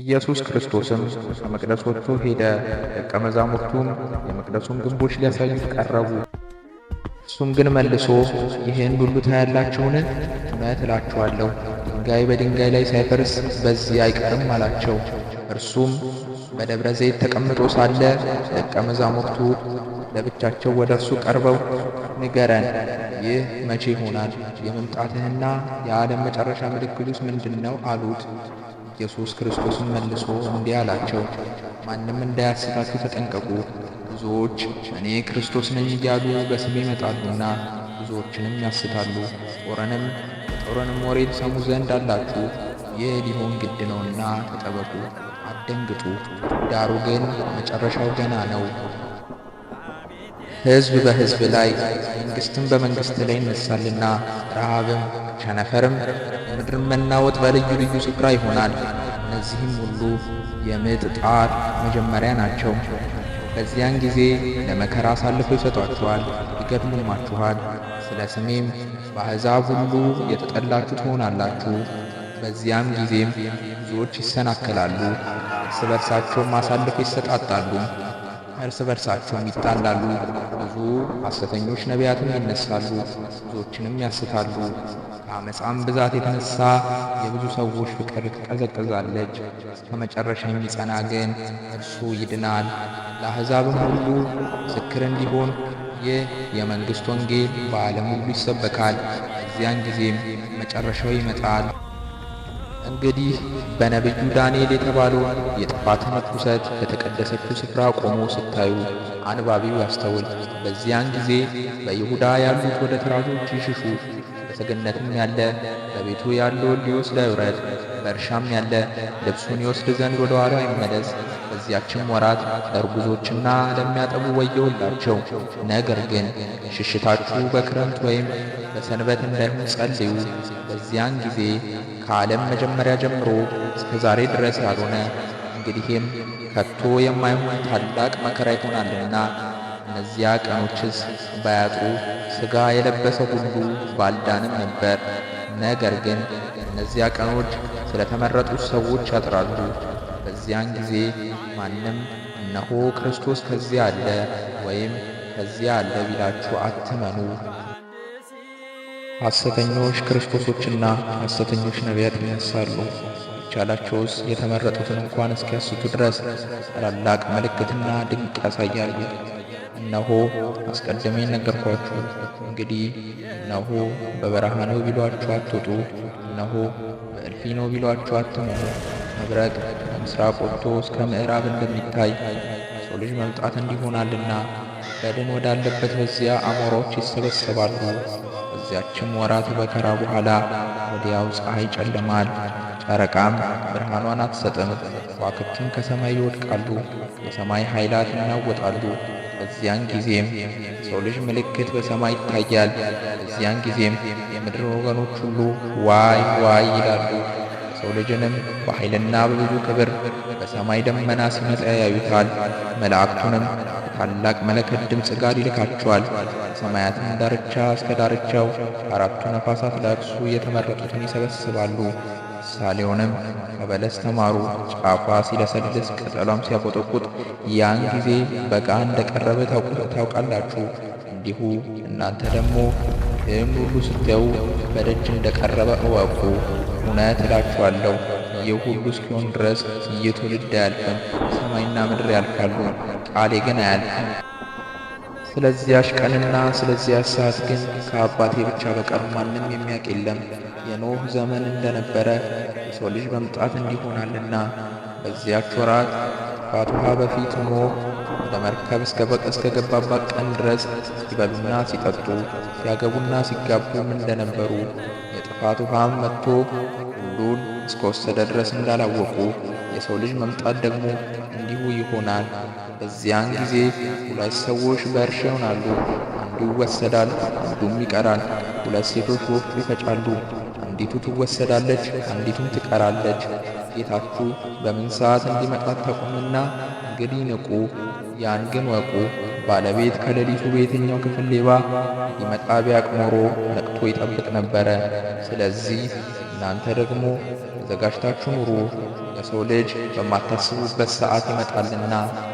ኢየሱስ ክርስቶስም ከመቅደስ ወጥቶ ሄደ። ደቀ መዛሙርቱም የመቅደሱን ግንቦች ሊያሳዩት ቀረቡ። እሱም ግን መልሶ ይህን ሁሉ ታያላችሁን? እውነት እላችኋለሁ ድንጋይ በድንጋይ ላይ ሳይፈርስ በዚህ አይቀርም አላቸው። እርሱም በደብረ ዘይት ተቀምጦ ሳለ ደቀ መዛሙርቱ ለብቻቸው ወደ እርሱ ቀርበው ንገረን፣ ይህ መቼ ይሆናል? የመምጣትህና የዓለም መጨረሻ ምልክቱስ ምንድን ነው? አሉት። ኢየሱስ ክርስቶስን መልሶ እንዲህ አላቸው፣ ማንም እንዳያስታችሁ ተጠንቀቁ። ብዙዎች እኔ ክርስቶስ ነኝ እያሉ በስሜ ይመጣሉና ብዙዎችንም ያስታሉ። ጦረንም የጦረንም ወሬ ትሰሙ ዘንድ አላችሁ። ይህ ሊሆን ግድ ነውና ተጠበቁ፣ አትደንግጡ። ዳሩ ግን መጨረሻው ገና ነው። ሕዝብ በሕዝብ ላይ መንግሥትም በመንግሥት ላይ ይነሳልና፣ ረሃብም ቸነፈርም ምድርም መናወጥ በልዩ ልዩ ስፍራ ይሆናል። እነዚህም ሁሉ የምጥ ጣር መጀመሪያ ናቸው። በዚያን ጊዜ ለመከራ አሳልፈው ይሰጧችኋል፣ ይገድሉማችኋል። ስለ ስሜም በአሕዛብ ሁሉ የተጠላችሁ ትሆናላችሁ። በዚያም ጊዜም ብዙዎች ይሰናከላሉ፣ እርስ በርሳቸውም አሳልፎ ይሰጣጣሉ። እርስ በርሳቸውም ይጣላሉ። ብዙ ሐሰተኞች ነቢያትን ያነሳሉ፣ ብዙዎችንም ያስታሉ። ከአመፃም ብዛት የተነሳ የብዙ ሰዎች ፍቅር ትቀዘቅዛለች። ከመጨረሻ የሚጸና ግን እርሱ ይድናል። ለአሕዛብም ሁሉ ምስክር እንዲሆን ይህ የመንግሥት ወንጌል በዓለም ሁሉ ይሰበካል። እዚያን ጊዜም መጨረሻው ይመጣል። እንግዲህ በነቢዩ ዳንኤል የተባለውን የጥፋት መቅሰት በተቀደሰችው ስፍራ ቆሞ ስታዩ አንባቢው ያስተውል። በዚያን ጊዜ በይሁዳ ያሉት ወደ ተራሮች ይሽሹ፣ በሰገነትም ያለ በቤቱ ያለውን ሊወስድ አይውረድ። በእርሻም ያለ ልብሱን ይወስድ ዘንድ ወደ ኋላ ይመለስ። በዚያችም ወራት ለርጉዞችና ለሚያጠቡ ወየውላቸው። ነገር ግን ሽሽታችሁ በክረምት ወይም በሰንበት እንዳይሆን ጸልዩ። በዚያን ጊዜ ከዓለም መጀመሪያ ጀምሮ እስከ ዛሬ ድረስ ያልሆነ እንግዲህም ከቶ የማይሆን ታላቅ መከራ ይሆናልና። እነዚያ ቀኖችስ ባያጡ ሥጋ የለበሰ ሁሉ ባልዳንም ነበር። ነገር ግን እነዚያ ቀኖች ተመረጡ ሰዎች ያጥራሉ። በዚያን ጊዜ ማንም እነሆ ክርስቶስ ከዚያ አለ ወይም ከዚያ አለ ቢላችሁ አትመኑ። ሐሰተኞች ክርስቶሶችና ሐሰተኞች ነቢያት ይነሳሉ። ቻላቸውስ የተመረጡትን እንኳን እስኪያስቱ ድረስ ታላላቅ ምልክትና ድንቅ ያሳያሉ። እነሆ አስቀድሜ ነገርኳችሁ። እንግዲህ እነሆ በበረሃ ነው ቢሏችሁ አትወጡ፣ እነሆ በእልፊ ነው ቢሏችሁ አትሙኑ። መብረቅ ከምስራቅ ወጥቶ እስከ ምዕራብ እንደሚታይ ሰው ልጅ መምጣት እንዲሆናልና በድን ወዳለበት በዚያ አሞራዎች ይሰበሰባሉ። በዚያችም ወራት በከራ በኋላ ወዲያው ፀሐይ ይጨልማል። ጨረቃም ብርሃኗን አትሰጥም፣ ከዋክብትም ከሰማይ ይወድቃሉ፣ የሰማይ ኃይላት ይናወጣሉ። በዚያን ጊዜም የሰው ልጅ ምልክት በሰማይ ይታያል። በዚያን ጊዜም የምድር ወገኖች ሁሉ ዋይ ዋይ ይላሉ። ሰው ልጅንም በኃይልና በብዙ ክብር በሰማይ ደመና ሲመጣ ያዩታል። መላእክቱንም ታላቅ መለከት ድምፅ ጋር ይልካቸዋል። ሰማያትን ዳርቻ እስከ ዳርቻው አራቱ ነፋሳት ለእርሱ የተመረጡትን ይሰበስባሉ። ሳሌውንም ከበለስ ተማሩ። ጫፏ ሲለሰልስ ቅጠሏም ሲያቆጠቁጥ ያን ጊዜ በጋ እንደቀረበ ታውቃላችሁ። እንዲሁ እናንተ ደግሞ ይህም ሁሉ ስታዩ በደጅ እንደቀረበ እወቁ። እውነት እላችኋለሁ ይህ ሁሉ እስኪሆን ድረስ ይህ ትውልድ አያልፍም። ሰማይና ምድር ያልፋሉ፣ ቃሌ ግን አያልፍም። ስለዚያሽ ቀንና ስለዚያሽ ሰዓት ግን ከአባቴ ብቻ በቀር ማንም የሚያውቅ የለም። የኖህ ዘመን እንደነበረ የሰው ልጅ መምጣት እንዲሆናልና በዚያች ወራት ውሃ በፊት ኖህ ወደ መርከብ እስከገባባት ቀን ድረስ ሲበሉና ሲጠጡ ሲያገቡና ሲጋቡም እንደነበሩ የጥፋት ውሃም መጥቶ ሁሉን እስከወሰደ ድረስ እንዳላወቁ የሰው ልጅ መምጣት ደግሞ እንዲሁ ይሆናል። በዚያን ጊዜ ሁለት ሰዎች በእርሻ ይሆናሉ፣ አንዱ ይወሰዳል፣ አንዱም ይቀራል። ሁለት ሴቶች ወቅቱ ይፈጫሉ፣ አንዲቱ ትወሰዳለች፣ አንዲቱም ትቀራለች። ጌታችሁ በምን ሰዓት እንዲመጣ ተቁምና እንግዲህ ንቁ፣ ያን ግን ወቁ። ባለቤት ከሌሊቱ በየትኛው ክፍል ሌባ ሊመጣ ቢያውቅ ኖሮ ነቅቶ ይጠብቅ ነበረ። ስለዚህ እናንተ ደግሞ ተዘጋጅታችሁ ኑሩ። ለሰው ልጅ በማታስቡበት ሰዓት ይመጣልና